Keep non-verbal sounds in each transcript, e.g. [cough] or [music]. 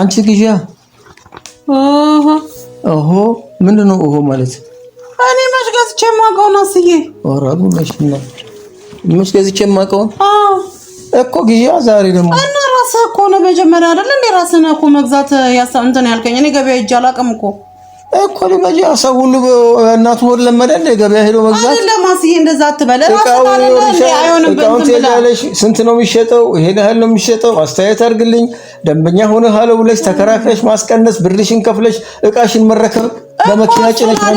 አንቺ ግዢያ ኦሆ፣ ምንድን ነው ኦሆ ማለት? እኔ መች ገዝቼ የማውቀውን አስዬ፣ ኧረ መች ገዝቼ የማውቀውን እኮ ግዢያ ዛሬ ደግሞ እና ራስህ እኮ ነው መጀመሪያ አይደል እንዴ? ራስህን እኮ መግዛት ያሳ እንትን ያልከኝ። እኔ ገበያ ሂጅ አላውቅም እኮ እኮ ልበል ያ ሰው ሁሉ እናቱ ወር ለመደ እንደ ገበያ ሄዶ መግዛት አይደለም። አስዬ እንደዛ አትበለ ራስህ ስንት ነው የሚሸጠው? ይሄን ያህል ነው የሚሸጠው። አስተያየት አድርግልኝ ደንበኛ ሆነ ሀለው ብለሽ ተከራክረሽ ማስቀነስ፣ ብርሽን ከፍለሽ እቃሽን መረከብ በመኪና ጭነሽ መምጣት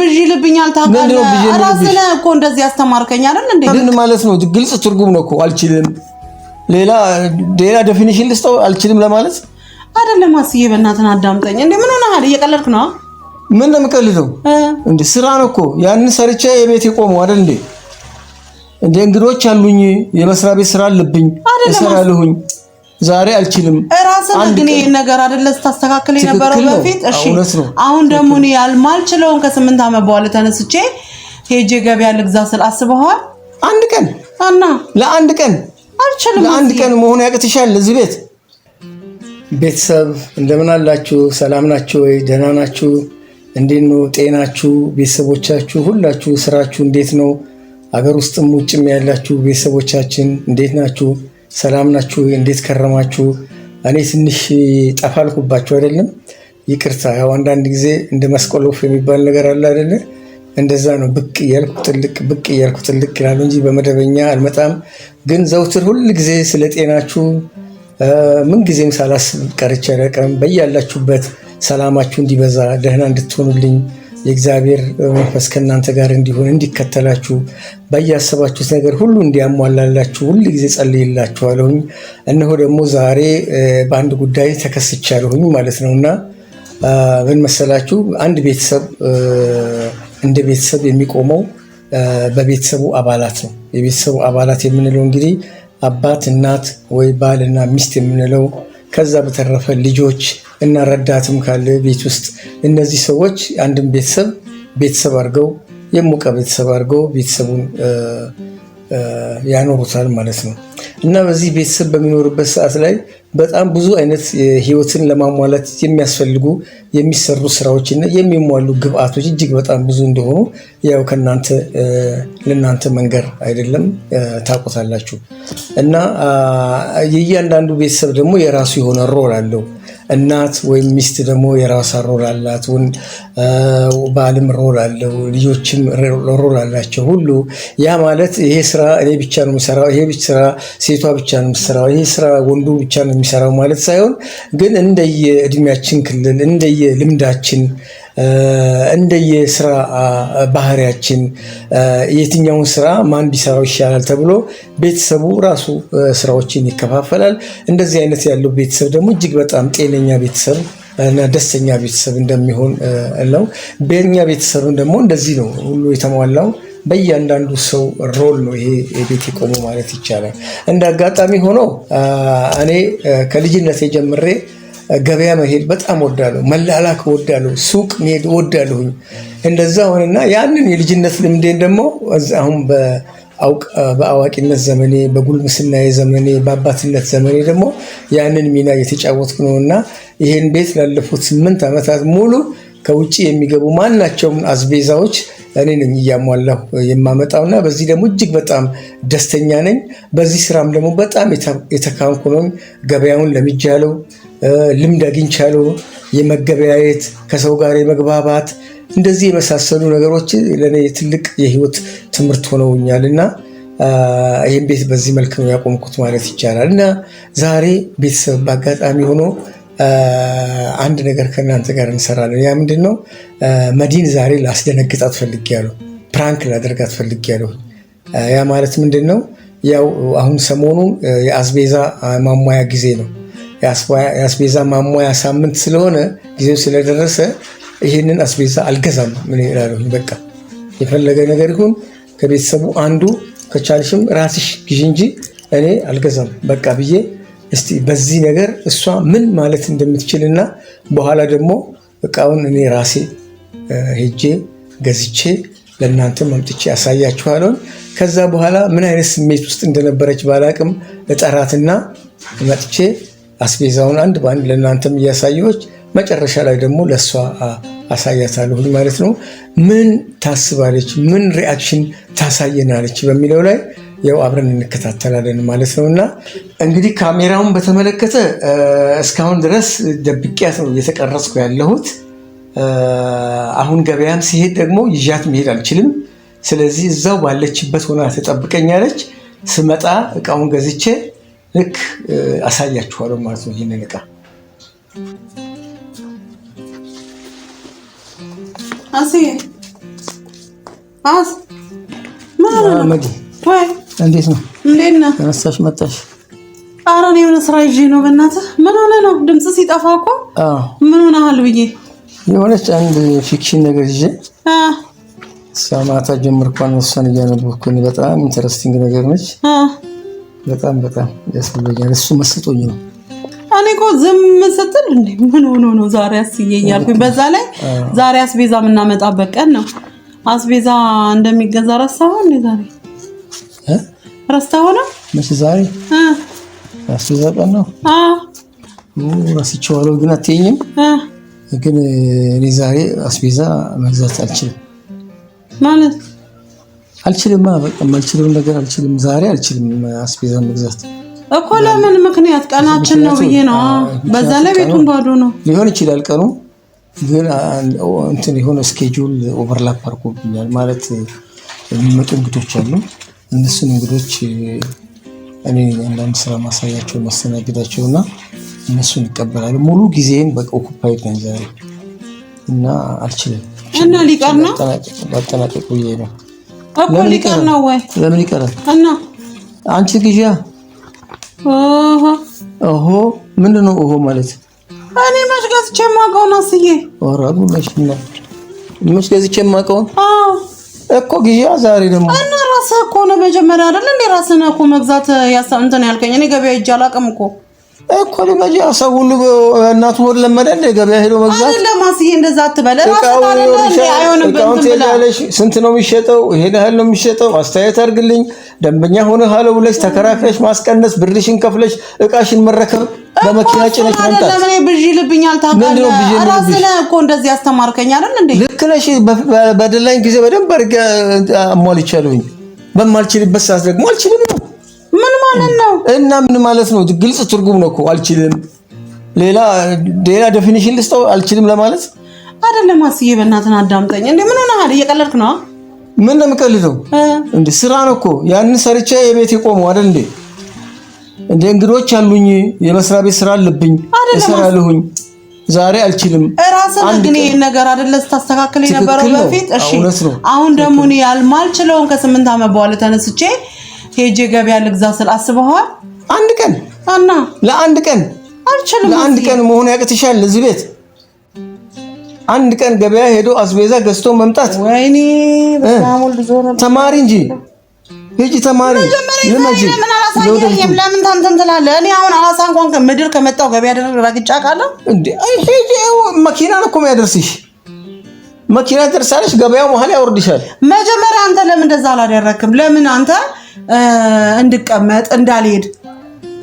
ብዥ ልብኛል። ታውቃለህ ራስህ እኮ እንደዚህ ያስተማርከኝ አይደል እንዴ? ምን ማለት ነው? ግልጽ ትርጉም ነው እኮ አልችልም። ሌላ ሌላ ዴፊኒሽን ልስጠው አልችልም ለማለት አይደለም። አስዬ በእናትህ አዳምጠኝ እንዴ! ምን ሆነሃል? እየቀለድክ ነው ምን ለምቀልደው እንዴ? ስራ ነው እኮ ያንን ሰርቼ የቤት የቆመው አይደል እንዴ? እንደ እንግዶች አሉኝ፣ የመስሪያ ቤት ስራ አለብኝ፣ እሰራለሁኝ። ዛሬ አልችልም። ራስህ ግን ይሄን ነገር አይደለ ስታስተካክል የነበረው በፊት። እሺ፣ አሁን ደግሞ እኔ ያልማልችለውን ከስምንት ዓመት በኋላ ተነስቼ ሄጄ ገበያ ልግዛ ስል አስበዋል። አንድ ቀን እና ለአንድ ቀን አልችልም። ለአንድ ቀን መሆን ያቅትሻል እዚህ ቤት ቤተሰብ እንደምን አላችሁ? ሰላም ናችሁ ወይ? ደህና ናችሁ? እንዴት ነው ጤናችሁ? ቤተሰቦቻችሁ፣ ሁላችሁ ስራችሁ እንዴት ነው? አገር ውስጥም ውጭም ያላችሁ ቤተሰቦቻችን እንዴት ናችሁ? ሰላም ናችሁ? እንዴት ከረማችሁ? እኔ ትንሽ ጠፋልኩባችሁ አይደለም፣ ይቅርታ። ያው አንዳንድ ጊዜ እንደ መስቆሎፍ የሚባል ነገር አለ አይደለ? እንደዛ ነው። ብቅ እያልኩ ጥልቅ፣ ብቅ እያልኩ ጥልቅ ይላሉ እንጂ በመደበኛ አልመጣም። ግን ዘውትር ሁል ጊዜ ስለ ጤናችሁ ምንጊዜም ሳላስብ ቀርቼ አላውቅም። በያላችሁበት ሰላማችሁ እንዲበዛ ደህና እንድትሆኑልኝ የእግዚአብሔር መንፈስ ከእናንተ ጋር እንዲሆን እንዲከተላችሁ ባያሰባችሁት ነገር ሁሉ እንዲያሟላላችሁ ሁል ጊዜ ጸልይላችኋለሁኝ። እነሆ ደግሞ ዛሬ በአንድ ጉዳይ ተከስቻለሁኝ ማለት ነው እና ምን መሰላችሁ አንድ ቤተሰብ እንደ ቤተሰብ የሚቆመው በቤተሰቡ አባላት ነው። የቤተሰቡ አባላት የምንለው እንግዲህ አባት፣ እናት ወይ ባልና ሚስት የምንለው ከዛ በተረፈ ልጆች እና ረዳትም ካለ ቤት ውስጥ እነዚህ ሰዎች አንድም ቤተሰብ ቤተሰብ አድርገው የሞቀ ቤተሰብ አድርገው ቤተሰቡን ያኖሩታል ማለት ነው እና በዚህ ቤተሰብ በሚኖርበት ሰዓት ላይ በጣም ብዙ አይነት ህይወትን ለማሟላት የሚያስፈልጉ የሚሰሩ ስራዎች እና የሚሟሉ ግብአቶች እጅግ በጣም ብዙ እንደሆኑ ያው ከእናንተ ለእናንተ መንገር አይደለም ታውቁታላችሁ። እና የእያንዳንዱ ቤተሰብ ደግሞ የራሱ የሆነ ሮል አለው። እናት ወይም ሚስት ደግሞ የራሷ ሮል አላት። ባልም ሮል አለው፣ ልጆችም ሮል አላቸው። ሁሉ ያ ማለት ይሄ ስራ እኔ ብቻ ነው የምሰራው፣ ይሄ ስራ ሴቷ ብቻ ነው የምሰራው፣ ይሄ ስራ ወንዱ ብቻ ነው የሚሰራው ማለት ሳይሆን ግን እንደየ እድሜያችን ክልል እንደየ ልምዳችን እንደየስራ ባህሪያችን የትኛውን ስራ ማን ቢሰራው ይሻላል ተብሎ ቤተሰቡ ራሱ ስራዎችን ይከፋፈላል። እንደዚህ አይነት ያለው ቤተሰብ ደግሞ እጅግ በጣም ጤነኛ ቤተሰብ እና ደስተኛ ቤተሰብ እንደሚሆን ነው። በኛ ቤተሰብም ደግሞ እንደዚህ ነው ሁሉ የተሟላው በእያንዳንዱ ሰው ሮል ነው ይሄ ቤት የቆመው ማለት ይቻላል። እንደ አጋጣሚ ሆኖ እኔ ከልጅነት የጀምሬ ገበያ መሄድ በጣም ወዳለሁ፣ መላላክ ወዳለሁ፣ ሱቅ መሄድ ወዳለሁኝ። እንደዛ ሆነና ያንን የልጅነት ልምዴን ደግሞ አሁን በአዋቂነት ዘመኔ፣ በጉልምስና ዘመኔ፣ በአባትነት ዘመኔ ደግሞ ያንን ሚና እየተጫወትኩ ነው እና ይሄን ቤት ላለፉት ስምንት ዓመታት ሙሉ ከውጭ የሚገቡ ማናቸውም አስቤዛዎች እኔ ነኝ እያሟላሁ የማመጣውና በዚህ ደግሞ እጅግ በጣም ደስተኛ ነኝ። በዚህ ስራም ደግሞ በጣም የተካንኩ ነኝ። ገበያውን ለሚጃለው ልምድ አግኝቻለሁ። የመገበያየት ከሰው ጋር የመግባባት እንደዚህ የመሳሰሉ ነገሮች ለእኔ ትልቅ የህይወት ትምህርት ሆነውኛል እና ይህም ቤት በዚህ መልክ ነው ያቆምኩት ማለት ይቻላል። እና ዛሬ ቤተሰብ በአጋጣሚ ሆኖ አንድ ነገር ከእናንተ ጋር እንሰራለን። ያ ምንድን ነው? መዲን ዛሬ ላስደነግጣት ፈልጌያለሁ። ፕራንክ ላደርጋት ፈልጌያለሁ። ያ ማለት ምንድን ነው? ያው አሁን ሰሞኑን የአስቤዛ ማሟያ ጊዜ ነው። የአስቤዛ ማሟያ ሳምንት ስለሆነ ጊዜው ስለደረሰ ይህንን አስቤዛ አልገዛም። ምን ይላለሁ በቃ የፈለገ ነገር ይሁን ከቤተሰቡ አንዱ ከቻልሽም ራስሽ ግዢ እንጂ እኔ አልገዛም በቃ ብዬ እስቲ በዚህ ነገር እሷ ምን ማለት እንደምትችልና በኋላ ደግሞ እቃውን እኔ ራሴ ሄጄ ገዝቼ ለእናንተ መምጥቼ ያሳያችኋለሁን። ከዛ በኋላ ምን አይነት ስሜት ውስጥ እንደነበረች ባላቅም እጠራትና መጥቼ አስቤዛውን አንድ በአንድ ለእናንተም እያሳየዎች መጨረሻ ላይ ደግሞ ለእሷ አሳያታለሁኝ ማለት ነው። ምን ታስባለች፣ ምን ሪአክሽን ታሳየናለች በሚለው ላይ ያው አብረን እንከታተላለን ማለት ነው። እና እንግዲህ ካሜራውን በተመለከተ እስካሁን ድረስ ደብቂያት ነው እየተቀረጽኩ ያለሁት። አሁን ገበያም ሲሄድ ደግሞ ይዣት መሄድ አልችልም። ስለዚህ እዛው ባለችበት ሆና ተጠብቀኛለች ስመጣ እቃውን ገዝቼ ልክ አሳያችኋለሁ ማለት ነው። ይህንን እቃ እንዴት ነው? ተነሳሽ መጣሽ? ኧረ እኔ የሆነ ስራ ይዤ ነው። በእናትህ ምን ሆነ ነው? ድምፅ ሲጠፋ እኮ ምን ሆነሃል ብዬ የሆነች አንድ ፊክሽን ነገር ይዤ እሷ ጀምርኳን ጀምር እሷን እያነበብኩኝ በጣም ኢንተረስቲንግ ነገር ነች። በጣም በጣም ያስፈልጋል። እሱ መስጦኝ ነው። እኔ እኮ ዝም ስትል እንዴ ምን ሆኖ ነው ዛሬ አስዬ እያልኩኝ፣ በዛ ላይ ዛሬ አስቤዛ የምናመጣበት ቀን ነው። አስቤዛ እንደሚገዛ ረሳሁ እንዴ ዛሬ እ ረሳሁ ነው መቼ ዛሬ አስቤዛ ቀን ነው። አዎ ረስቼዋለሁ። ግን አትይኝም። ግን እኔ ዛሬ አስቤዛ መግዛት አልችልም ማለት አልችልም በቃ አልችልም፣ ነገር አልችልም፣ ዛሬ አልችልም አስቤዛ መግዛት እኮ። ለምን ምክንያት ቀናችን ነው ብዬ ነው። በዛ ላይ ቤቱን ባዶ ነው ሊሆን ይችላል ቀኑ ግን እንትን የሆነ ስኬጁል ኦቨርላፕ አድርጎብኛል። ማለት የሚመጡ እንግዶች አሉ። እነሱን እንግዶች እኔ አንዳንድ ስራ ማሳያቸው ማስተናግዳቸው እና እነሱን ይቀበላሉ። ሙሉ ጊዜን በቃ ኦኩፓይድ ነኝ ዛሬ እና አልችልም እና ሊቀር ነው ባጠናቀቅ ብዬ ነው እኮ ሊቀር ነው ወይ? ለምን ይቀራል? እና አንቺ ግዢያ። ኦሆ ኦሆ፣ ምንድን ነው ኦሆ ማለት? እኔ መች ገዝቼ የማውቀውን አስዬ። ኧረ ጉመሽ መች ገዝቼ የማውቀውን? እኮ ግዢያ። ዛሬ ደግሞ እና ራስህ እኮ ነው መጀመሪያ አይደል እንዴ? ራስህን እኮ መግዛት ያሳ እንትን ያልከኝ። እኔ ገበያ ሂጅ አላውቅም እኮ እኮ ልበል ያ ሰው ሁሉ እናቱ ወር ለመደ እንደ ገበያ ሄዶ መግዛት አይደለም። አስዬ እንደዛ አትበለ ራስህ ስንት ነው የሚሸጠው? ይሄን ያህል ነው የሚሸጠው። አስተያየት አድርግልኝ ደንበኛ ሆነ ሀለ ብለሽ ተከራክረሽ ማስቀነስ፣ ብርሽን ከፍለሽ እቃሽን መረከብ በመኪና ጭነሽ መምጣት ለምን ብዥ ልብኛል? ታውቃለህ ራስህ ነህ እኮ እንደዚህ ያስተማርከኝ አይደል እንዴ? ልክ ነሽ። በደላኝ ጊዜ በደንብ አድርጌ አሟልቻለሁኝ። በማልችልበት ሰዓት ደግሞ አልችልም ነው እና ምን ማለት ነው? ግልጽ ትርጉም ነው እኮ አልችልም። ሌላ ሌላ ዴፊኒሽን ልስጠው አልችልም ለማለት አይደለም። አስዬ በእናትህን አዳምጠኝ። እንዴ ምን ሆነ አይደል? እየቀለድክ ነው? ምን ነው የምቀልደው? እንዴ ስራ ነው እኮ ያንን ሰርቼ የቤት የቆመው አይደል እንዴ? እንዴ እንግዶች አሉኝ፣ የመስሪያ ቤት ስራ አለብኝ፣ እሰራለሁኝ። ዛሬ አልችልም። ራስህ ግን ይሄን ነገር አይደለ ስታስተካክል የነበረው በፊት። እሺ አሁን ደግሞ እኔ ያልማልችለውን ከስምንት ዓመት በኋላ ተነስቼ ሄጄ ገበያ ልግዛ ስል አስበዋል። አንድ ቀን እና ለአንድ ቀን አልችልም። ለአንድ ቀን መሆን ያቅትሻል። እዚህ ቤት አንድ ቀን ገበያ ሄዶ አስቤዛ ገዝቶ መምጣት ወይኔ፣ ተማሪ እንጂ ሂጂ ተማሪ ልመጂ። ለምን ታንተን ትላለህ? እኔ አሁን አዋሳ እንኳን ምድር ከመጣው ገበያ ደረግ ረግጫ ቃለሁ እንዴ! ሂጂ መኪና ነው እኮ የሚያደርስሽ መኪና ደርሳለች። ገበያው መሀል ያወርድሻል። መጀመሪያ አንተ ለምን እንደዛ አላደረክም? ለምን አንተ እንድቀመጥ እንዳልሄድ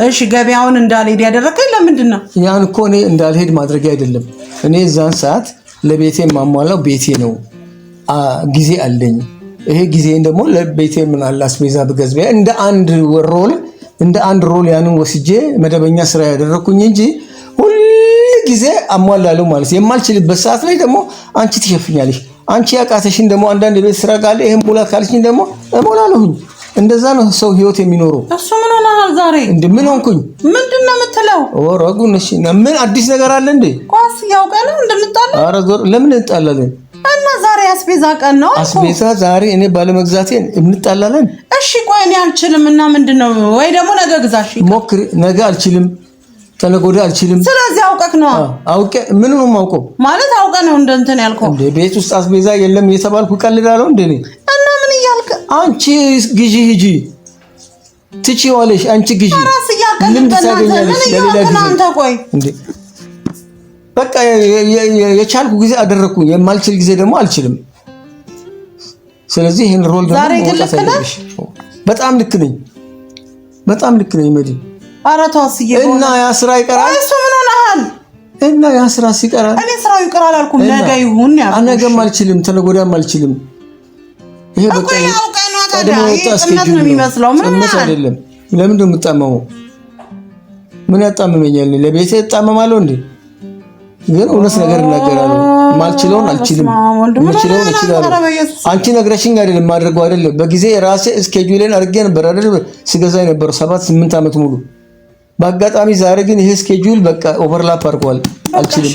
እሺ ገበያውን እንዳልሄድ ያደረገኝ ለምንድን ነው? ያን እኮ እኔ እንዳልሄድ ማድረግ አይደለም። እኔ እዛን ሰዓት ለቤቴ የማሟላው ቤቴ ነው። ጊዜ አለኝ። ይሄ ጊዜን ደግሞ ለቤቴ ምን አላስቤዛ ብገዝቢያ እንደ አንድ ሮል እንደ አንድ ሮል ያንን ወስጄ መደበኛ ስራ ያደረግኩኝ እንጂ ሁል ጊዜ አሟላለሁ ማለት የማልችልበት ሰዓት ላይ ደግሞ አንቺ ትሸፍኛለሽ። አንቺ ያቃተሽን ደግሞ አንዳንድ የቤት ስራ ካለ ይህም ሙላ ካልሽኝ ደግሞ እሞላለሁኝ። እንደዛ ነው ሰው ህይወት የሚኖረው። እሱ ምን ሆነሃል ዛሬ? እንደ ምን ሆንኩኝ? ምንድን ነው የምትለው? ኧረ ጉድ ነሽ። ምን አዲስ ነገር አለ እንዴ? ኳስ ያው ቀን ነው ለምን እንጣላለን? እና ዛሬ አስቤዛ ቀን ነው። አስቤዛ ዛሬ እኔ ባለመግዛቴን እንጣላለን? እሺ ቆይ እኔ አልችልም እና ምንድን ነው ወይ ደግሞ ነገ ግዛሽ። ሞክሪ። ነገ አልችልም ከነገ አልችልም። ስለዚህ አውቀህ ነው? አውቄ ምን ነው የማውቀው? ማለት አውቀህ ነው እንደ እንትን ያልከው። ቤት ውስጥ አስቤዛ የለም እየተባልኩ ቀልዳለው እንደ እኔ አንቺ ግዢ ሂጂ ትችይዋለሽ። አንቺ ግዢ ልምድ ጊዜ በቃ የቻልኩ ጊዜ አደረግኩኝ፣ የማልችል ጊዜ ደግሞ አልችልም። ስለዚህ ይህን ሮል በጣም ልክ ነኝ፣ በጣም ልክ ነኝ መዲ እና ያ ስራ ይቀራል እና ያ ስራ ሲቀራል ነገም አልችልም፣ ተነገ ወዲያም አልችልም ይሄ በቃ ነው የሚመስለው። ምን አይደለም። ለምን ነው የምጣመመው? ምን ያጣመመኛል? ለቤቴ እጣመማለሁ እንዴ? ግን እውነት ነገር እናገራለሁ። ማልችለውን አልችልም፣ ማልችለውን እችላለሁ። አንቺ ነግረሽኝ አይደለም ማድረገው አይደለም። በጊዜ ራሴ እስኬጁሌን አድርጌ ነበር አይደለም ስገዛ የነበረው ሰባት ስምንት ዓመት ሙሉ። በአጋጣሚ ዛሬ ግን ይሄ እስኬጁል በቃ ኦቨርላፕ አድርጓል። አልችልም።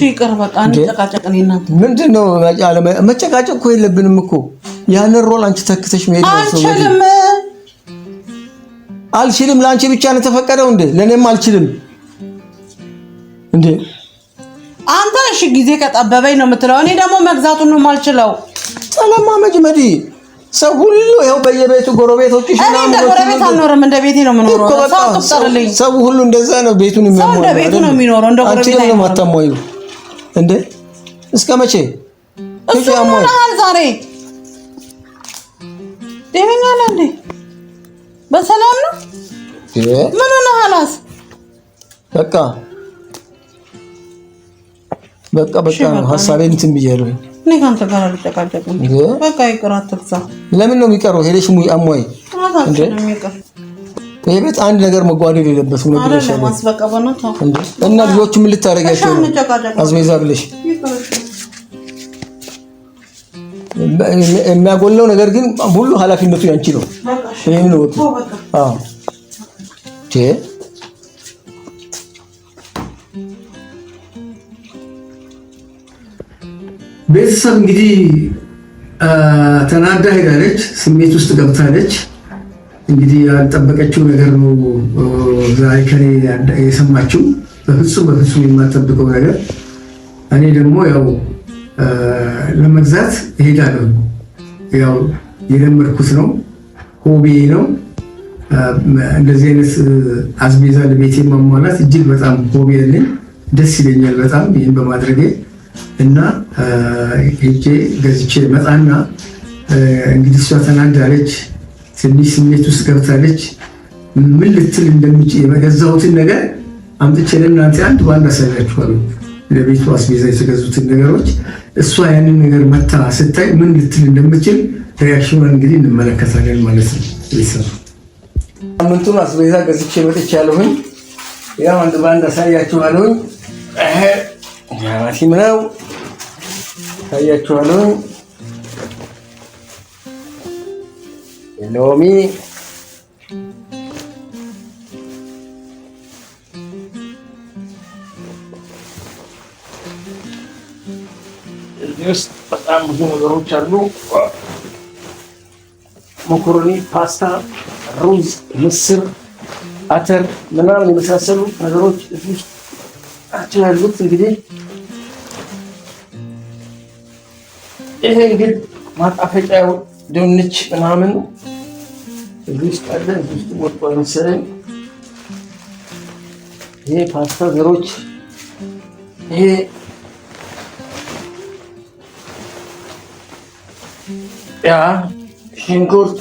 ምንድን ነው መጨቃጨቅ እኮ የለብንም እኮ ያንን ሮል አንቺ ተክተሽ መሄድ አልችልም አልችልም። ለአንቺ ብቻ ነው የተፈቀደው እንዴ? ለእኔም አልችልም እንዴ? አንተ እሺ፣ ጊዜ ከጠበበኝ ነው የምትለው፣ እኔ ደግሞ መግዛቱን ነው የማልችለው። ተለማመጅ መጅመዲ ሰው ሁሉ ይኸው በየቤቱ ጎረቤቶች እሺ፣ እኔ እንደ ጎረቤት አልኖርም፣ እንደ ቤቴ ነው የምኖረው። ሰው ሁሉ እንደዛ ነው ቤቱን የሚያሟላ እንደ ቤቱ ነው የሚኖረው፣ እንደ ጎረቤት አንቺ ነው አታሟዩ እንዴ? እስከ መቼ እሱ ነው ዛሬ ጤነኛ ነህ በሰላም ነው? ምን ሆነህ? ሀላስ በቃ በቃ በቃ ሀሳቤን እንትን ብያለሁ። እኔ ከአንተ ጋር አልጨቃጨቅም። በቃ ይቅር አትግዛ። ለምን ነው የሚቀረው? ሄደሽ ሙይ አሟይ ይሄ ቤት አንድ ነገር መጓደል የለበት ነው ብለሽ እና ልጆቹ ምን ልታደርጊያቸው አስቤዛ ብለሽ የሚያጎለው ነገር ግን ሁሉ ኃላፊነቱ ያንቺ ነው። ይህንን ወጡ ቤተሰብ እንግዲህ ተናዳ ሄዳለች፣ ስሜት ውስጥ ገብታለች። እንግዲህ ያልጠበቀችው ነገር ነው ዛሬ ከኔ የሰማችው፣ በፍጹም በፍጹም የማጠብቀው ነገር እኔ ደግሞ ያው ለመግዛት እሄዳለሁ። ያው የለመድኩት ነው፣ ሆቤ ነው። እንደዚህ አይነት አስቤዛ ለቤቴ ማሟላት እጅግ በጣም ሆቢ ያለኝ ደስ ይለኛል በጣም ይህን በማድረጌ እና ሄጄ ገዝቼ መጣና እንግዲህ እሷ ተናዳለች፣ ትንሽ ስሜት ውስጥ ገብታለች። ምን ልትል እንደምችል የገዛሁትን ነገር አምጥቼ ለእናንተ አንድ በአንድ አሳያችኋለሁ። ለቤቱ አስቤዛ የተገዙትን ነገሮች እሷ ያንን ነገር መታ ስታይ ምን ልትል እንደምችል ሪያክሽኗን እንግዲህ እንመለከታለን ማለት ነው። ሳምንቱን አስቤዛ ገዝቼ መጥቼ ያለሁኝ ያው አንድ በአንድ አሳያችኋለሁኝ። ማሲም ነው አሳያችኋለሁኝ ሎሚ ውስጥ በጣም ብዙ ነገሮች አሉ። መኮረኒ፣ ፓስታ፣ ሩዝ፣ ምስር፣ አተር ምናምን የመሳሰሉ ነገሮች እዚህ ውስጥ ናቸው ያሉት። እንግዲህ ይሄ እንግዲህ ማጣፈጫው ድንች ምናምን እዚህ ውስጥ አለ። እዚህ ውስጥ ወጥ መሰለኝ። ይሄ ፓስታ ዘሮች ይሄ Ya Şinkurt.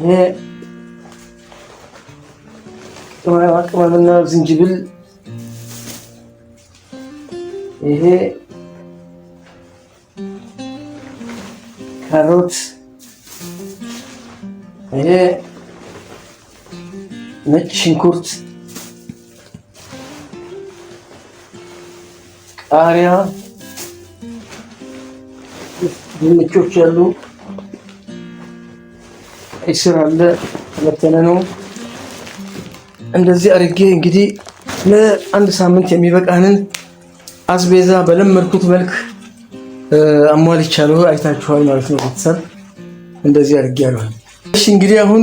Ne? Buna bakmadan lazım cibil. Ehe. Karot. Ehe. Ne Şinkurt. Ağrıyor. ድንቾች አሉ፣ ቀይ ስር አለ፣ ተመተነ ነው። እንደዚህ አድርጌ እንግዲህ ለአንድ ሳምንት የሚበቃንን አስቤዛ በለመድኩት መልክ አሟልቻለሁ። አይታችኋል ማለት ነው ቤተሰብ፣ እንደዚህ አድርጌያለሁ። እሺ እንግዲህ አሁን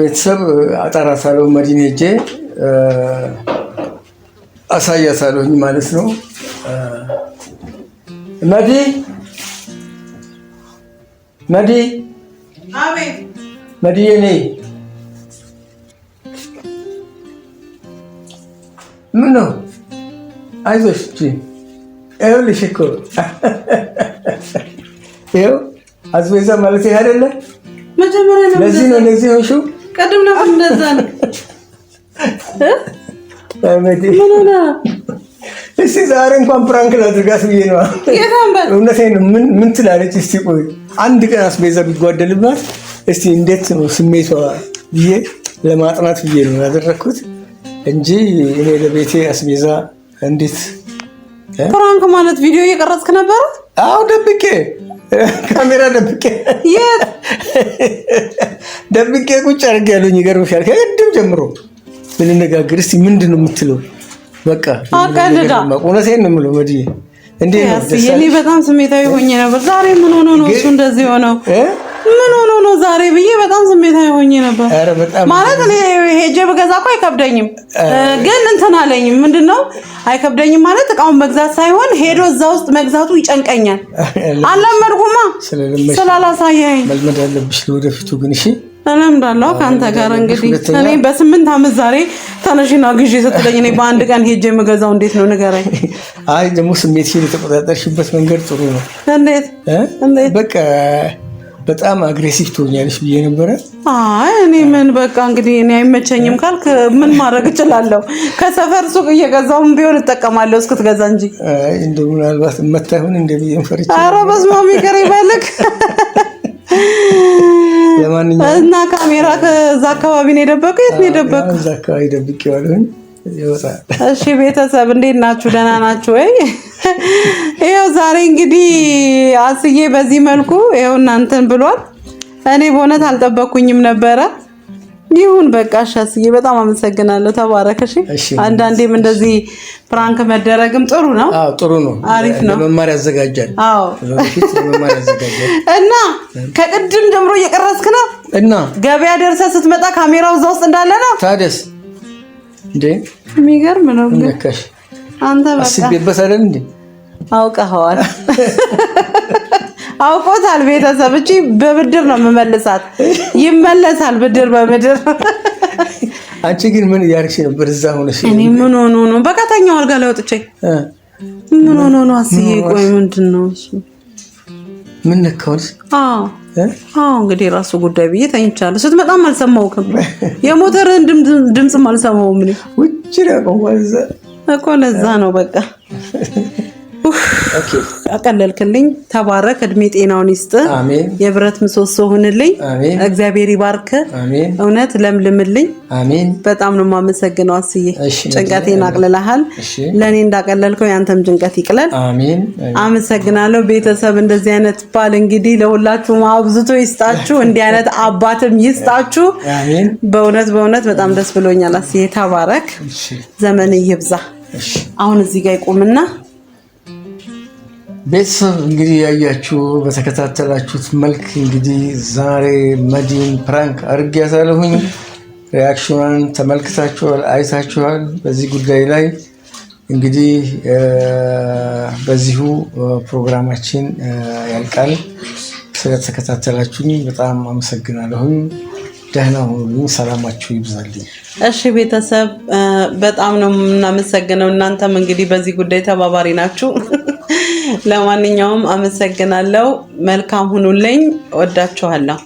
ቤተሰብ አጣራታለሁ፣ መዲኔ ሄጄ አሳያሳለሁኝ ማለት ነው መዲ መዲ አቤት። መዲዬ ነይ። ምን ነው? አይዞሽ እቺ ይኸውልሽ እኮ ይኸው አስቤዛ ማለት ይህ አይደለ? መጀመሪያ ነው። ለዚህ ነው እንደዚህ ሆንሽው። ቀድም ነበር እንደዛ ነው። እስቲ ዛሬ እንኳን ፕራንክ ላድርጋት ብዬ ነው። እውነቴን ነው። ምን ትላለች? እስቲ ቆይ አንድ ቀን አስቤዛ ቢጓደልባት እስቲ እንዴት ነው ስሜቷ ብዬ ለማጥናት ብዬ ነው ያደረግኩት እንጂ እኔ ለቤቴ አስቤዛ እንዴት ፕራንክ ማለት ቪዲዮ እየቀረጽክ ነበረ? አዎ፣ ደብቄ ካሜራ ደብቄ የት ደብቄ ቁጭ አድርጌ ያለኝ ይገርምሻል። ከቅድም ጀምሮ ምንነጋገር እስቲ ምንድን ነው የምትለው በቃ አቀልዳ እውነቴን ነው የምለው መዲ እኔ በጣም ስሜታዊ ሆኜ ነበር። ዛሬ ምን ሆኖ ነው እሱ እንደዚህ ሆነው? ምን ሆኖ ነው ዛሬ ብዬ በጣም ስሜታዊ ሆኜ ነበር። ማለት እኔ ሄጄ በገዛ እኮ አይከብደኝም፣ ግን እንትን አለኝም። ምንድን ነው አይከብደኝም ማለት እቃውን መግዛት ሳይሆን ሄዶ እዛ ውስጥ መግዛቱ ይጨንቀኛል። አላመድኩማ ስላላሳየኝ መልመድ አለብሽ ለወደፊቱ ግን እሺ እለምዳለሁ ከአንተ ጋር እንግዲህ እኔ በስምንት ዓመት ዛሬ ተነሽና ግዢ ስትለኝ እኔ በአንድ ቀን ሄጄ የምገዛው እንዴት ነው ንገረኝ። አይ ደግሞ ስሜት ሲል የተቆጣጠርሽበት መንገድ ጥሩ ነው። እንዴት እንዴት በቃ በጣም አግሬሲቭ ትሆኛለሽ ብዬ ነበረ። አይ እኔ ምን በቃ እንግዲህ እኔ አይመቸኝም ካልክ ምን ማድረግ እችላለሁ? ከሰፈር ሱቅ እየገዛውም ቢሆን እጠቀማለሁ እስክትገዛ እንጂ እንደ ምናልባት መታሁን መታይሆን እንደሚፈርች ኧረ በስመ አብ ይቅር ይበልክ እና ካሜራ ከዛ አካባቢ ነው የደበቀው። የት ነው የደበቀው? እዛ አካባቢ ደብቄዋለሁኝ። እሺ ቤተሰብ እንዴት ናችሁ? ደህና ናችሁ ወይ? ይኸው ዛሬ እንግዲህ አስዬ በዚህ መልኩ ይኸው እናንተን ብሏል። እኔ በእውነት አልጠበኩኝም ነበረ ይሁን በቃ ሻስዬ በጣም አመሰግናለሁ። ተባረከሽ። አንዳንዴም እንደዚህ ፕራንክ መደረግም ጥሩ ነው፣ አዎ ጥሩ ነው፣ አሪፍ ነው፣ ለመማር ያዘጋጃል። አዎ [laughs] እና ከቅድም ጀምሮ እየቀረስክ ነው እና ገበያ ደርሰህ ስትመጣ ካሜራው እዛ ውስጥ እንዳለ ነው። ታደስ እንዴ የሚገርም ነው። አንተ በቃ አስቤበት አይደል እንዴ አውቀኸዋል። [laughs] አውቆታል ቤተሰብ እቺ በብድር ነው የምመልሳት። ይመለሳል ብድር በብድር። አንቺ ግን ምን እያደረግሽ ነበር እዛ ሆነሽ? እኔ ምን ሆኖ ነው በቃ ተኛው አልጋ ላይ ወጥቼ ምን ሆኖ ነው አስዬ? ቆይ ምንድን ነው እሱ? ምን ነካውልሽ? አዎ አዎ እንግዲህ የራሱ ጉዳይ ብዬ ተኝቻለሁ። ስትመጣም አልሰማሁም፣ የሞተርህን ድምፅም አልሰማውም። ምን ውጭ ነው እኮ ለዛ ነው በቃ አቀለልክልኝ። ተባረክ፣ እድሜ ጤናውን ይስጥ፣ የብረት ምሰሶ ሁንልኝ፣ እግዚአብሔር ይባርክ፣ እውነት ለምልምልኝ። በጣም ነው የማመሰግነው አስዬ፣ ጭንቀቴን አቅልልሃል። ለእኔ እንዳቀለልከው ያንተም ጭንቀት ይቅለል። አመሰግናለሁ። ቤተሰብ እንደዚህ አይነት ባል እንግዲህ ለሁላችሁም አብዝቶ ይስጣችሁ፣ እንዲህ አይነት አባትም ይስጣችሁ። በእውነት በእውነት በጣም ደስ ብሎኛል አስዬ፣ ተባረክ፣ ዘመን ይብዛ። አሁን እዚህ ጋር ይቁምና ቤተሰብ እንግዲህ ያያችሁ በተከታተላችሁት መልክ እንግዲህ ዛሬ መዲን ፕራንክ ያሳለሁኝ ሪያክሽኗን ተመልክታችኋል፣ አይታችኋል። በዚህ ጉዳይ ላይ እንግዲህ በዚሁ ፕሮግራማችን ያልቃል። ስለተከታተላችሁኝ በጣም አመሰግናለሁኝ። ደህና ሁኑልኝ። ሰላማችሁ ይብዛልኝ። እሺ ቤተሰብ በጣም ነው የምናመሰግነው። እናንተም እንግዲህ በዚህ ጉዳይ ተባባሪ ናችሁ። ለማንኛውም አመሰግናለሁ። መልካም ሁኑልኝ። ወዳችኋለሁ።